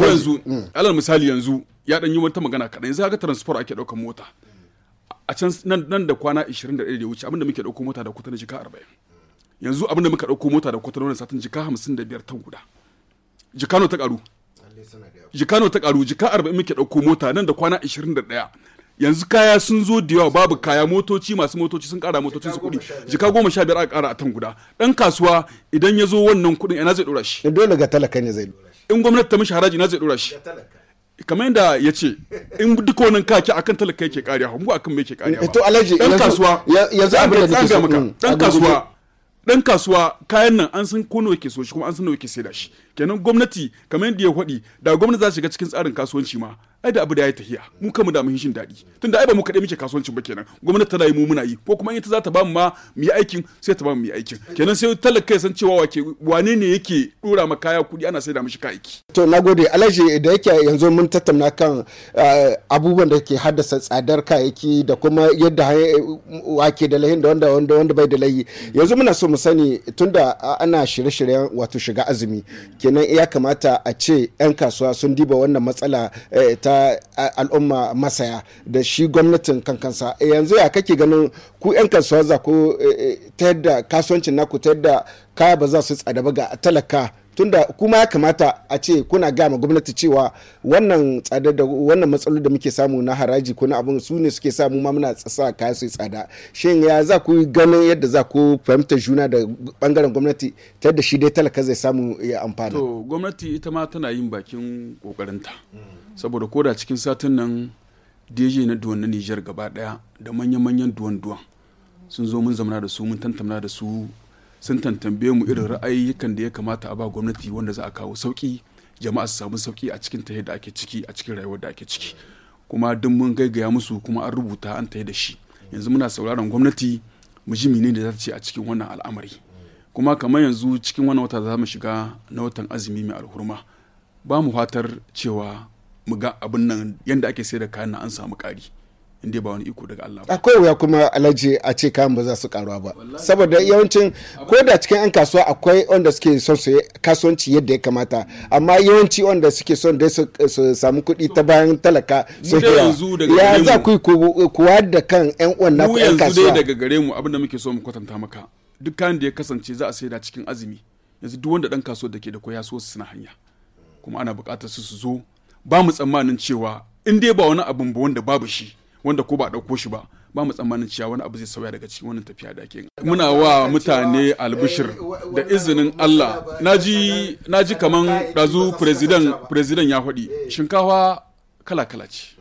mm. alal misali yanzu ya ɗan yi wata magana kaɗan yanzu ga transport ake ɗaukar mota a can nan da kwana 21 da wuce abinda muke dauko mota da kuta na jika 40 yanzu abinda muka dauko mota da kuta na satin jika 55 ta guda jikano ta karu jikano ta karu jika 40 muke dauko mota nan da kwana 21 yanzu kaya sun zo da yawa babu kaya motoci masu motoci sun kara motocin su kuɗi jika goma sha biyar aka kara a tan guda ɗan kasuwa idan ya zo wannan kuɗin ina zai ɗora shi dole ga talaka ne zai ɗora shi in gwamnati ta mishi haraji ina zai ɗora shi ga talaka kamar yadda ya ce in duk wani kaki akan talaka yake kariya hangu akan me yake kariya eh, to alhaji dan kasuwa yanzu abin da nake so dan kasuwa dan kasuwa kayan nan an san ko nawa yake so shi kuma an san nawa yake saida shi kenan gwamnati kamar yadda ya faɗi da gwamnati za shiga cikin tsarin kasuwanci ma ai da abu da ya tahiya mu kanmu da mun shin daɗi tunda ai ba mu kaɗai muke kasuwancin ba kenan gwamnati tana yi mu muna yi ko kuma in ita za ta ba mu ma mu yi aikin sai ta ba mu yi aikin kenan sai talaka ya san cewa wake wane ne yake dora ma kaya kuɗi ana da mishi aiki. to na gode alhaji da yake yanzu mun tattauna kan eh, abubuwan da ke haddasa tsadar kayayyaki da kuma yadda wake da lahin da wanda wanda wanda bai da layi yanzu muna so mu sani tunda ana shirye-shiryen wato shiga azumi kenan ya kamata a ce 'yan kasuwa sun diba wannan matsala eh, ta eh, al'umma masaya da shi gwamnatin kankansa eh, yanzu ya kake ganin ku 'yan kasuwa za ku ta yadda kasuwancin naku ta yadda kaya ba za su tsada ba ga talaka tunda kuma ya kamata a ce kuna ma gwamnati cewa wannan tsada da wannan matsalolin da muke samu na haraji ko na abin su ne suke samu ma muna sa kaya su tsada shin ya za ku ganin yadda za ku fahimta juna da bangaren gwamnati ta da shi dai talaka zai samu ya amfana to gwamnati ita ma tana yin bakin kokarinta saboda ko da cikin satin nan DJ na duwan na Nijar gaba daya da manya-manyan duwan-duwan sun zo mun zamana da su mun tantamna da su sun tantambe mu irin yakan da ya kamata a ba gwamnati wanda za a kawo sauki jama'a su samu sauki a cikin tahe da ake ciki a cikin rayuwar da ake ciki kuma duk mun gaigaya musu kuma an rubuta an tahe da shi yanzu muna sauraron gwamnati mu ji menene da za ta ce a cikin wannan al'amari kuma kamar yanzu cikin wannan wata za mu shiga na watan azumi mai alhurma ba mu fatar cewa mu ga abin nan yadda ake sayar da kayan an samu ƙari inda ba wani iko daga Allah ba akwai wuya kuma alaji a ce kayan ba za su karuwa ba saboda yawancin ko da cikin yan kasuwa akwai wanda suke son su kasuwanci yadda ya kamata amma yawanci wanda suke son dai su samu kuɗi ta bayan talaka su ya za ku yi kuwa da kan yan uwan na yan kasuwa mu yanzu dai daga gare mu abinda muke so mu kwatanta maka duk kayan da ya kasance za a saida cikin azumi yanzu duk wanda dan kasuwa da ke da so su suna hanya kuma ana buƙatar su su zo ba mu tsammanin cewa in dai ba wani abin ba wanda babu shi wanda ko ba ɗauko shi ba ba mu tsammanin cewa wani abu zai sauya daga cikin wannan tafiya da ake muna wa mutane albishir da izinin Allah naji naji kaman dazu president president ya faɗi shinkafa kala kala ce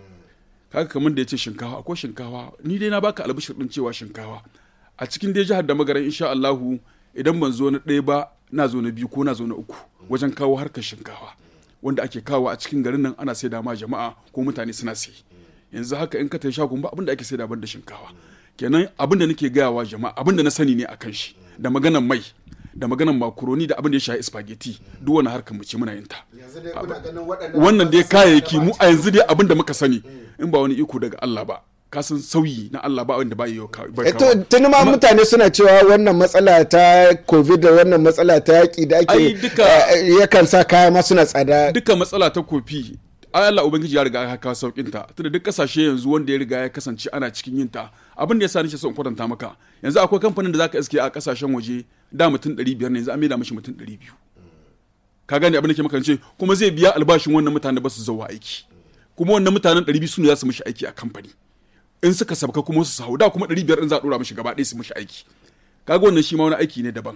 kaga kaman da yace shinkafa akwai shinkafa ni dai na baka albishir din cewa shinkafa a cikin dai jihar da magaran insha Allahu idan ban zo na ɗaya ba na zo na biyu ko na zo na uku wajen kawo harkar shinkafa wanda ake kawo a cikin garin nan ana sai da ma jama'a ko mutane suna sai yanzu haka in ka tafi shagon ba abin da ake sai da da shinkawa kenan abin da nake gaya wa jama'a abin da na sani ne akan shi da maganan mai da maganan makaroni da abin da ya shafi spaghetti duk wani harkar mu ce muna yin ta wannan dai kayayyaki mu a yanzu dai abin da muka sani in ba wani iko daga Allah ba kasan sauyi na Allah ba wanda ba yi eh, to tuni ma mutane suna cewa wannan matsala ta covid da wannan matsala ta yaki da ake eh, eh, yakan sa kaya ma suna tsada duka matsala ta kofi ai Allah ubangiji ya riga ya kawo saukin ta tunda duk kasashe yanzu wanda ya riga ya kasance ana cikin yin ta abin da yasa nake so in kwatanta maka yanzu akwai kamfanin da zaka iske a kasashen waje da mutum 500 ne yanzu an da mashi mutum 200 ka gane abin da ke maka makance kuma zai biya albashin wannan mutanen da ba su zuwa aiki kuma wannan mutanen 200 su ne za su mishi aiki a kamfani in suka sabka kuma su hau da kuma 500 in za a dora mishi gaba ɗaya su mishi aiki kaga wannan shi ma wani aiki ne daban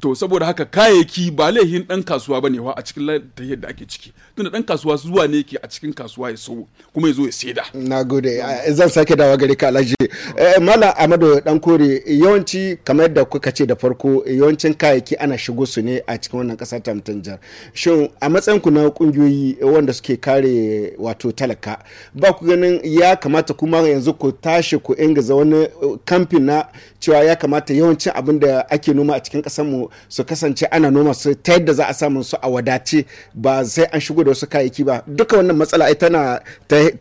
to saboda haka kayayyaki ba laihin dan kasuwa bane wa a cikin tahiyar da ake ciki tunda dan kasuwa zuwa ne yake a cikin kasuwa ya so kuma ya zo ya saida na gode eh, zan sake dawa gare ka alhaji eh, mala amadu dan kore yawanci kamar yadda kuka ce da farko yawancin kayayyaki ana shigo su ne a cikin wannan kasa ta mutanjar shin a matsayin ku na kungiyoyi wanda suke kare wato talaka ba ku ganin ya kamata kuma yanzu ku tashi ku ingiza wani uh, kamfin na cewa ya kamata yawancin abin da ake noma a cikin kasar mu su kasance ana noma su ta yadda za a samu su a wadace ba sai an shigo da da wasu kayayyaki ba duka wannan matsala ai tana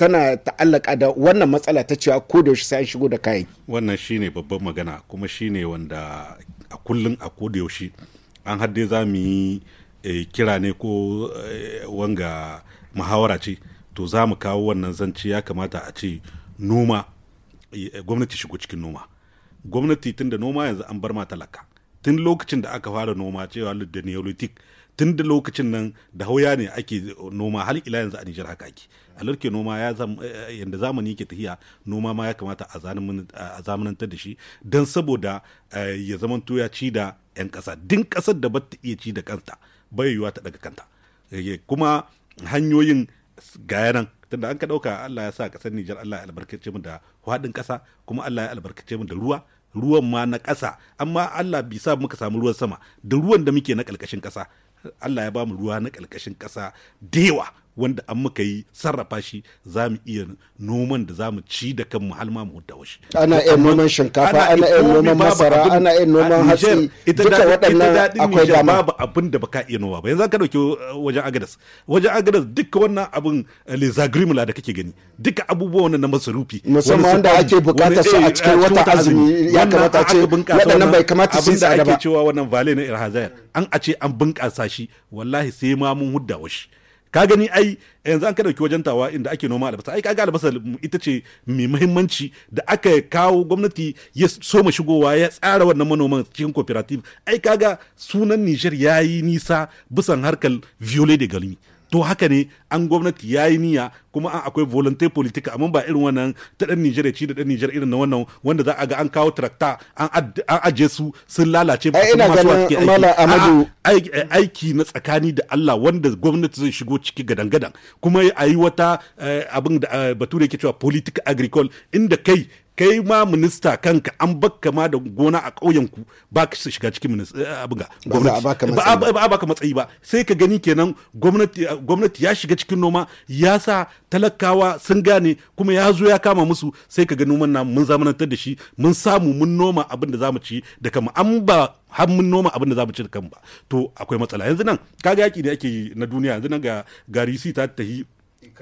tana ta'allaka da wannan matsala ta cewa ko da sai an shigo da kayayyaki wannan shine babban magana kuma shine wanda a kullun a ko da yaushe an hadde za mu yi eh, kira ne ko eh, wanga muhawara ce to za mu kawo wannan zance ya kamata a ce noma eh, gwamnati shigo cikin noma gwamnati tun da noma yanzu an bar ma talaka tun lokacin da aka fara noma cewa da neolithic tun da lokacin nan da hauya ne ake noma har ila yanzu a Nijar haka ake alarke noma ya eh, eh, yanda zamani ke tahiya noma ma ya kamata a zamanantar da shi dan saboda eh, ya zaman ya ci da 'yan ƙasa din ƙasar da ba ta iya ci da kanta yi ta daga kanta kuma hanyoyin gayanan tunda an ka ɗauka Allah ya sa ƙasar Nijar Allah ya albarkace mu da haɗin ƙasa kuma Allah ya albarkace mu da ruwa ruwan ma na ƙasa amma Allah bisa muka samu ruwan sama da ruwan da muke na ƙarƙashin ƙasa Allah ya bamu ruwa na ƙarƙashin ƙasa da yawa wanda an muka yi sarrafa shi za mu iya noman da za mu ci da kan har ma mu hudda washi ana iya noman shinkafa ana iya noman masara ana iya noman hatsi duka waɗannan akwai dama babu abin da baka iya noma ba yanzu ka dauki uh, wajen agadas wajen agadas duka wannan abin uh, lezagrimula da kake gani duka abubuwan na masarufi musamman da ake bukata su a eh, cikin wata azumi ya kamata ce waɗannan bai kamata su da ake cewa wannan vale na irhazayar an a ce an bunƙasa shi wallahi sai ma mun hudda washi ka gani ai yanzu an ka dauki wajen tawa inda ake noma albasa ai kaga albasa ita ce mai muhimmanci da aka kawo gwamnati ya soma shigowa ya tsara wannan manoman cikin cooperative ai kaga sunan Niger yayi nisa bisan harkar violet de galmi to haka ne an gwamnati ya yi niyya kuma an akwai volunteer politika amma ba irin wannan ta dan Nijar ci da dan Nijar irin na wannan wanda za a ga an kawo tarakta an aje su sun lalace ba ina ganin mala amadu eh, aiki na tsakani da Allah wanda gwamnati zai shigo ciki gadan-gadan kuma a yi wata eh, abin da eh, bature ke cewa political agricole inda kai kai ma minista kanka an bakka ma da gona a ƙauyenku ba ka shiga cikin abin ga gwamnati ba a baka matsayi ba sai ka gani kenan gwamnati ya shiga cikin noma ya sa talakawa sun gane kuma ya zo ya kama musu sai ka ga noman na mun zamanantar da shi mun samu mun noma abin da za mu ci da kama an ba har mun noma abin da za mu ci da kama ba to akwai matsala yanzu nan kaga yaki da ake yi na duniya yanzu nan ga garisi ta tahi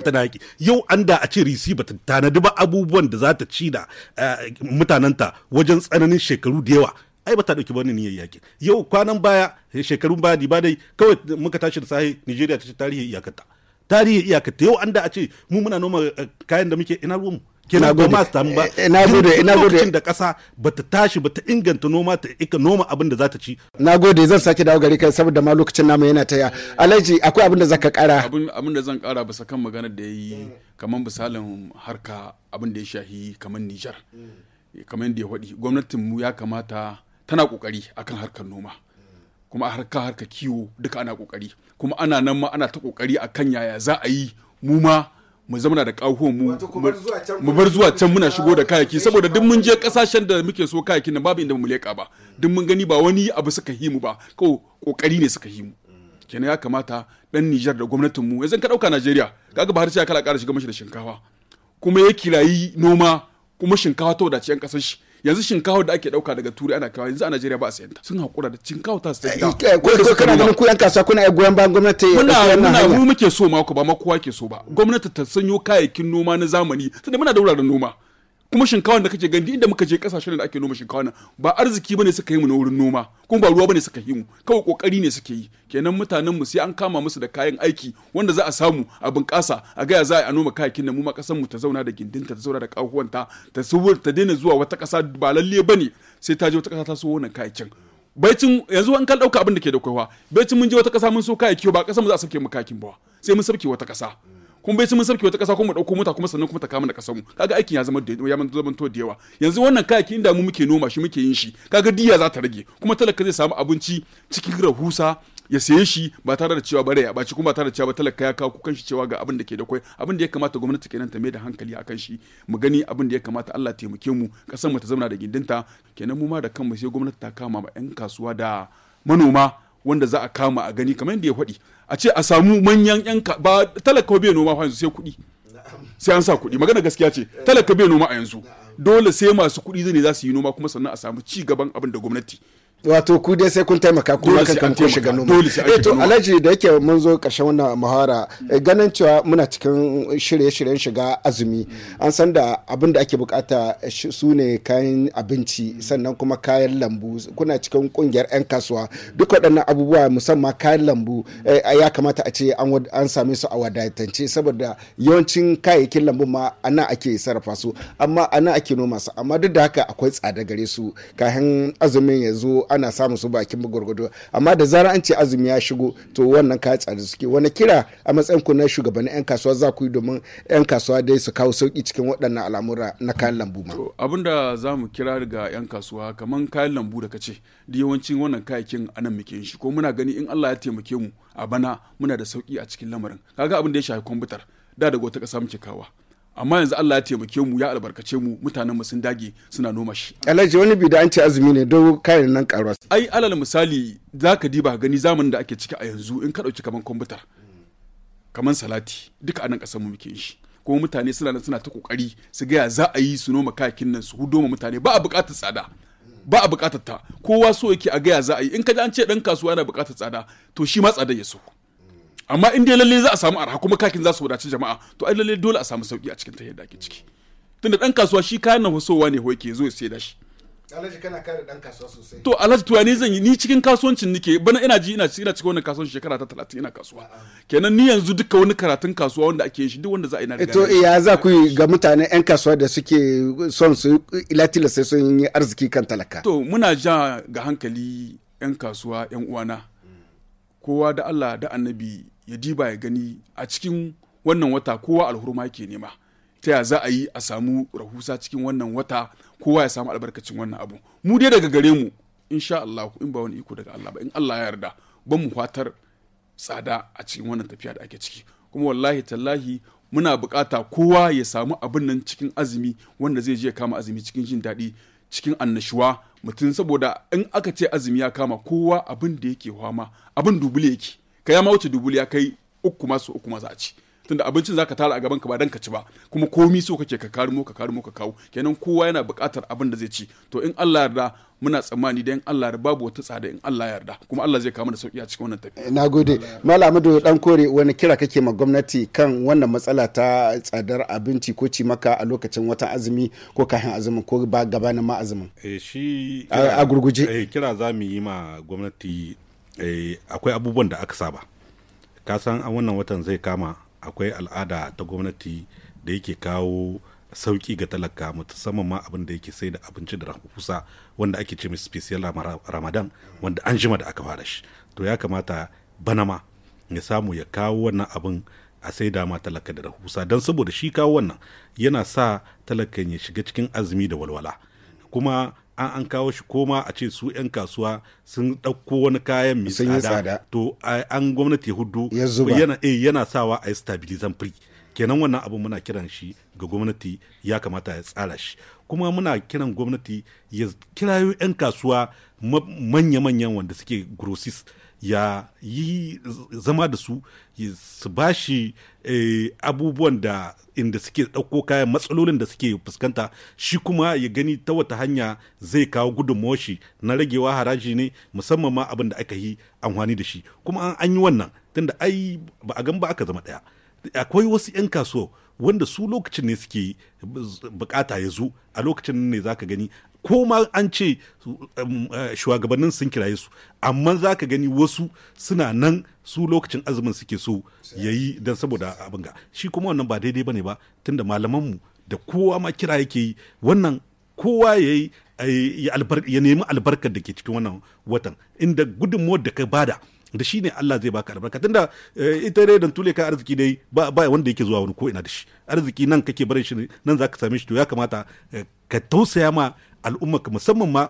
tana yaki yau an da a ce risi bata tanadi ba abubuwan da za ta ci da eh, mutanenta wajen tsananin shekaru da yawa ai ta dauki ba niyyar yakin yau kwanan baya shekarun baya ba dai kawai muka tashi da sahi Nigeria ta ci tarihi iyakata tarihi ta yau an da a ce mu muna noma eh, kayan da muke ina ruwan mu kina goma su tamu ba ina eh, eh, gode ina gode da kasa ba ta tashi ba ta inganta noma ta ika noma abin da za ta ci na gode zan sake dawo gari kai saboda ma lokacin namu yana taya alhaji akwai abin da zaka kara abin da zan kara bisa kan maganar da yayi kamar misalin harka abin da ya shahi kamar Nijar kamar yadda ya faɗi gwamnatin mu ya kamata tana kokari akan harkar noma kuma a harka harka kiwo duka ana kokari kuma ana nan ma ana ta kokari akan yaya za a yi mu ma mu zama da ƙaho mu bar zuwa can muna shigo da kayaki saboda duk mun je kasashen da muke so kayakin nan babu inda mu leƙa ba duk mun gani ba wani abu suka yi mu ba ko kokari ne suka yi mu kenan ya kamata dan Nijar da gwamnatin mu yanzu ka dauka Najeriya kaga Buhari sai ya kala ƙara shiga mashi da shinkafa kuma ya kirayi noma kuma shinkafa ta ci yan kasar shi yanzu shinkawa da ake dauka daga turai ana kawo yanzu a najeriya ba a sayanta sun hakura da shinkawa ta sayanta eh, eh, ko kana ganin ku yan kasuwa kuna goyon bayan gwamnati muna muna mu muke so ma ku ba ma kowa ke so ba gwamnati ta sanyo kayayyakin noma na zamani tunda muna da wuraren noma kuma shinkawa da kake gandi inda muka je kasashen da ake noma shinkawa nan ba arziki bane suka yi mu na wurin noma kuma ba ruwa bane suka yi mu kawai kokari ne suke yi kenan mutanen mu sai an kama musu da kayan aiki wanda za a samu a bunƙasa a gaya za a noma kayakin nan mu ma kasan mu ta zauna da gindinta ta zauna da kahuwanta ta suwur ta daina zuwa wata ƙasa ba lalle bane sai ta je wata ƙasa ta so wannan kayakin baicin yanzu an kan ɗauka abin da ke da kaiwa baicin mun je wata ƙasa mun so kayaki ba kasan mu za a sauke mu kayakin ba sai mun sauke wata ƙasa kun bai mun sarki wata kasa kuma dauko mota kuma sannan kuma ta kama da kasar mu kaga aikin ya zama ya zama to da yawa yanzu wannan kayaki inda mu muke noma shi muke yin shi kaga diya za ta rage kuma talaka zai samu abinci cikin rahusa ya saye shi ba tare da cewa bare ya baci kuma ba tare da cewa talaka ya kawo kukan shi cewa ga abin da ke da kwai abin da ya kamata gwamnati kenan ta mai da hankali akan shi mu gani abin da ya kamata Allah taimake mu kasar mu ta zauna da gindinta kenan mu ma da kanmu sai gwamnati ta kama ma 'yan kasuwa da manoma wanda za a kama a gani kamar yadda ya faɗi a ce a samu manyan yan ka ba talaka bai noma fa yanzu sai kuɗi sai an sa kuɗi magana gaskiya ce talaka bai noma a yanzu dole sai masu kuɗi ne za su yi noma kuma sannan a samu ci gaban abin da gwamnati wato ku dai sai kun taimaka ku ma kan kun shiga noma eh alhaji da yake mun zo karshen wannan muhara eh, ganin cewa muna cikin shirye-shiryen shiga azumi an san da abin da ake bukata eh, su ne kayan abinci sannan kuma kayan lambu kuna cikin kungiyar yan kasuwa duk waɗannan abubuwa musamman kayan lambu eh, ya kamata a ce an same su a wadatance saboda yawancin kayayyakin lambu ma ana ake sarrafa su amma ana ake noma su amma duk da haka akwai tsada gare su kayan azumin ya zo ana samun su bakin gwargwado amma da zarar an ce azumi ya shigo to wannan ka tsada suke wani kira a matsayin ku na shugabannin 'yan kasuwa za ku yi domin 'yan kasuwa dai su kawo sauki cikin waɗannan al'amura na kayan lambu ma. abin da za mu kira daga 'yan kasuwa kamar kayan lambu da kace da yawancin wannan kayakin anan muke shi ko muna gani in Allah ya taimake mu a bana muna da sauki a cikin lamarin kaga abin da ya shafi kwamfutar da daga wata ƙasa muke kawa amma yanzu Allah ya taimake mu ya albarkace mu mutanen mu sun dage suna noma shi alhaji wani bi da an ce azumi ne don kayan nan karuwa ai alal misali zaka diba gani zamanin da ake ciki a yanzu in ka dauki kaman kwamfutar kaman salati duka anan kasar mu muke shi kuma mutane suna nan suna ta kokari su ga za a yi su noma kayakin nan su hudo mutane ba a bukatar tsada ba a bukatar ta kowa so yake a ga za a yi in ka ji an ce dan kasuwa yana bukatar tsada to shi ma tsada ya so amma in dai lalle za a samu arha kuma kakin za su wadaci jama'a to ai lalle dole a samu sauki a cikin ta yadda ake ciki tunda dan kasuwa shi kayan na hosowa ne hoike zo ya sai da shi alhaji kana kare dan kasuwa sosai to alhaji to ne zan yi ni cikin kasuwancin nike bana ina ji ina ina cikin wannan kasuwancin shekara ta 30 ina kasuwa kenan ni yanzu duka wani karatun kasuwa wanda ake yin shi duk wanda za a yi na to ya za ku yi ga mutane yan kasuwa da suke son su ilatila sai sun yi arziki kan talaka to muna ja ga hankali yan kasuwa yan uwana hmm. kowa da Allah da annabi ya diba ya gani a cikin wannan wata kowa alhurma ke nema ta ya za a yi a samu rahusa cikin wannan wata kowa ya samu albarkacin wannan abu mu dai daga gare mu insha Allah in ba wani iko daga Allah ba in Allah ya yarda ban mu fatar tsada a cikin wannan tafiya da ake ciki kuma wallahi tallahi muna bukata kowa ya samu abin nan cikin azumi wanda zai je ya kama azumi cikin jin daɗi cikin annashuwa mutum saboda in aka ce azumi ya kama kowa abin da yake hwama abin dubule yake ka ya mawuce dubuli ya kai uku masu uku masu a ci tunda abincin zaka tara a gaban ka ba dan ka ci ba kuma komi so kake ka karmo ka karmo ka kawo kenan kowa yana buƙatar abin da zai ci to in Allah yarda muna tsammani da in Allah yarda babu wata tsada in Allah yarda kuma Allah zai kama da sauki a cikin wannan tafiya nagode malam Ado dan kore wani kira kake ma gwamnati kan wannan matsala ta tsadar abinci ko ci maka a lokacin watan azumi ko kafin azumin ko ba gabanin ma azumin eh shi a gurguje eh kira zamu yi ma gwamnati Eh, akwai abubuwan da aka saba ka san a wannan watan zai kama akwai al'ada ta gwamnati da yake kawo sauki ga talaka musamman ma abin da yake sai da abinci da rahusa wanda ake ce mai special ramadan wanda an jima da aka fara shi to ya kamata bana ma ya samu ya kawo wannan abin a sai da ma talaka da rahusa don saboda shi kawo wannan yana sa talakan ya shiga cikin azumi da walwala kuma an an kawo shi koma a ce su 'yan kasuwa sun ɗauko wani kayan mai tsada to an gwamnati hudu yana, eh, yana sawa a yi stabilizan free kenan wannan abu muna kiran shi ga gwamnati ya kamata ya tsara shi kuma muna kiran gwamnati ya kirayo 'yan kasuwa manya-manyan wanda suke grossist ya yi zama da su su ba shi eh, abubuwan da inda suke ɗauko kayan matsalolin da suke fuskanta shi kuma ya gani ta wata hanya zai kawo gudunmawar shi na ragewa haraji ne musamman ma abin da aka yi amfani da shi kuma an yi wannan tunda ai ba a gan ba aka zama ɗaya akwai wasu 'yan kasuwa wanda su lokacin ne suke bukata ya zo a lokacin ne zaka gani ko ma an ce um, uh, shugabannin sun kiraye su amma za ka gani wasu suna nan su lokacin azumin suke so ya yi don saboda abin ga shi kuma wannan ba daidai ba ne ba tunda malamanmu da kowa ma kira yake yi wannan kowa ya yi ya nemi albarkar da ke cikin wannan watan inda gudunmuwar da ka bada da shi ne Allah zai baka albarka tunda eh, ita dai dan tule ka arziki dai ba ba wanda yake zuwa wani ko ina da shi arziki nan kake barin shi nan zaka same shi to ya kamata eh, ka tausaya ma al'umma ka musamman ma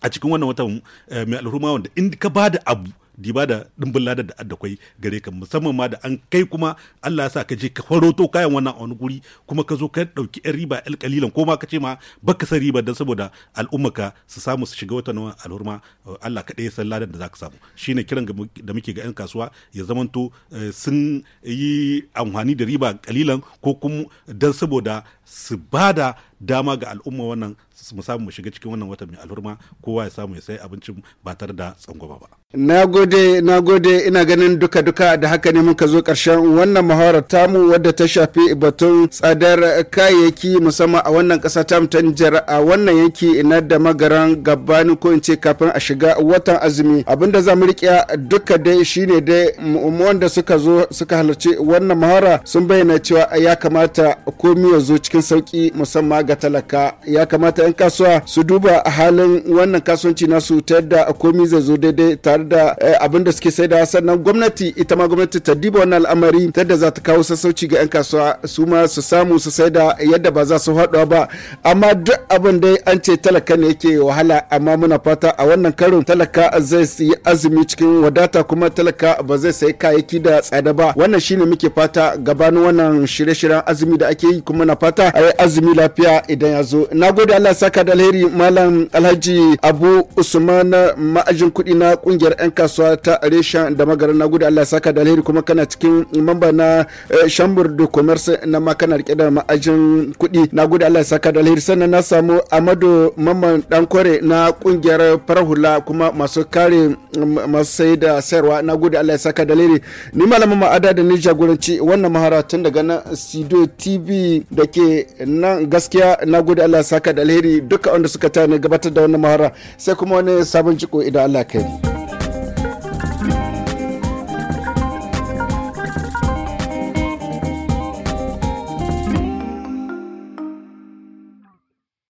a cikin wannan watan eh, mai alhuma wanda in ka bada abu diba da dimbin ladar da addakwai gare ka musamman ma da an kai kuma Allah ya sa ka je ka faroto kayan wannan a wani guri kuma ka zo ka dauki yan riba yan kalilan ko ma ka ce ma baka san riba dan saboda al'ummaka su samu su shiga wata nawa alhurma Allah kaɗai ɗaya san ladar da zaka samu shine kiran da muke ga yan kasuwa ya zamanto eh, sun yi amfani da riba kalilan ko kuma dan saboda su ba da dama ga al'umma wannan mu samu mu shiga cikin wannan watan mai alhurma kowa ya samu ya sai abincin ba tare da tsangwama ba. Na gode, na gode ina ganin duka-duka da haka ne muka zo ƙarshen wannan muhawarar tamu wadda ta shafi batun tsadar kayayyaki musamman a wannan ƙasa ta ta Nijar a wannan yanki na da magaran gabani ko in ce kafin a shiga watan azumi abinda za mu riƙe duka dai shine dai wanda suka zo suka halarci wannan muhawara sun bayyana cewa ya kamata komi ya zo cikin cikin sauki musamman ga talaka ya kamata 'yan kasuwa su duba halin wannan kasuwanci nasu ta yadda komi zai zo daidai tare da eh, abin da suke saida sannan gwamnati ita ma gwamnati ta diba wannan al'amari ta yadda za ta kawo sassauci ga 'yan kasuwa su ma su samu su saida yadda ba za su haɗuwa ba amma duk abin dai an ce talaka ne yake wahala amma muna fata a wannan karin talaka zai yi azumi cikin wadata kuma talaka ba zai sayi kayayyaki da tsada ba wannan shine muke fata gabanin wannan shirye-shiryen azumi da ake yi kuma na fata azumi lafiya idan ya zo na gode allah saka da alheri malam alhaji abu usman ma'ajin kuɗi na kungiyar 'yan kasuwa ta resha da magana na gode allah saka da alheri kuma kana cikin mamba na shambur eh, de commerce na ma kana rike da ma'ajin kuɗi na gode allah saka da alheri sannan na samu amadu mamman dan kore na kungiyar farahula kuma masu kare mm, masu sai da sayarwa na gode allah saka da alheri ni malamin ma'ada da ni jagoranci wannan mahara tun daga na sido tv da ke nan gaskiya na gode Allah saka da alheri duka wanda suka tani gabatar da wannan mahara sai kuma wani sabon ciko idan Allah kai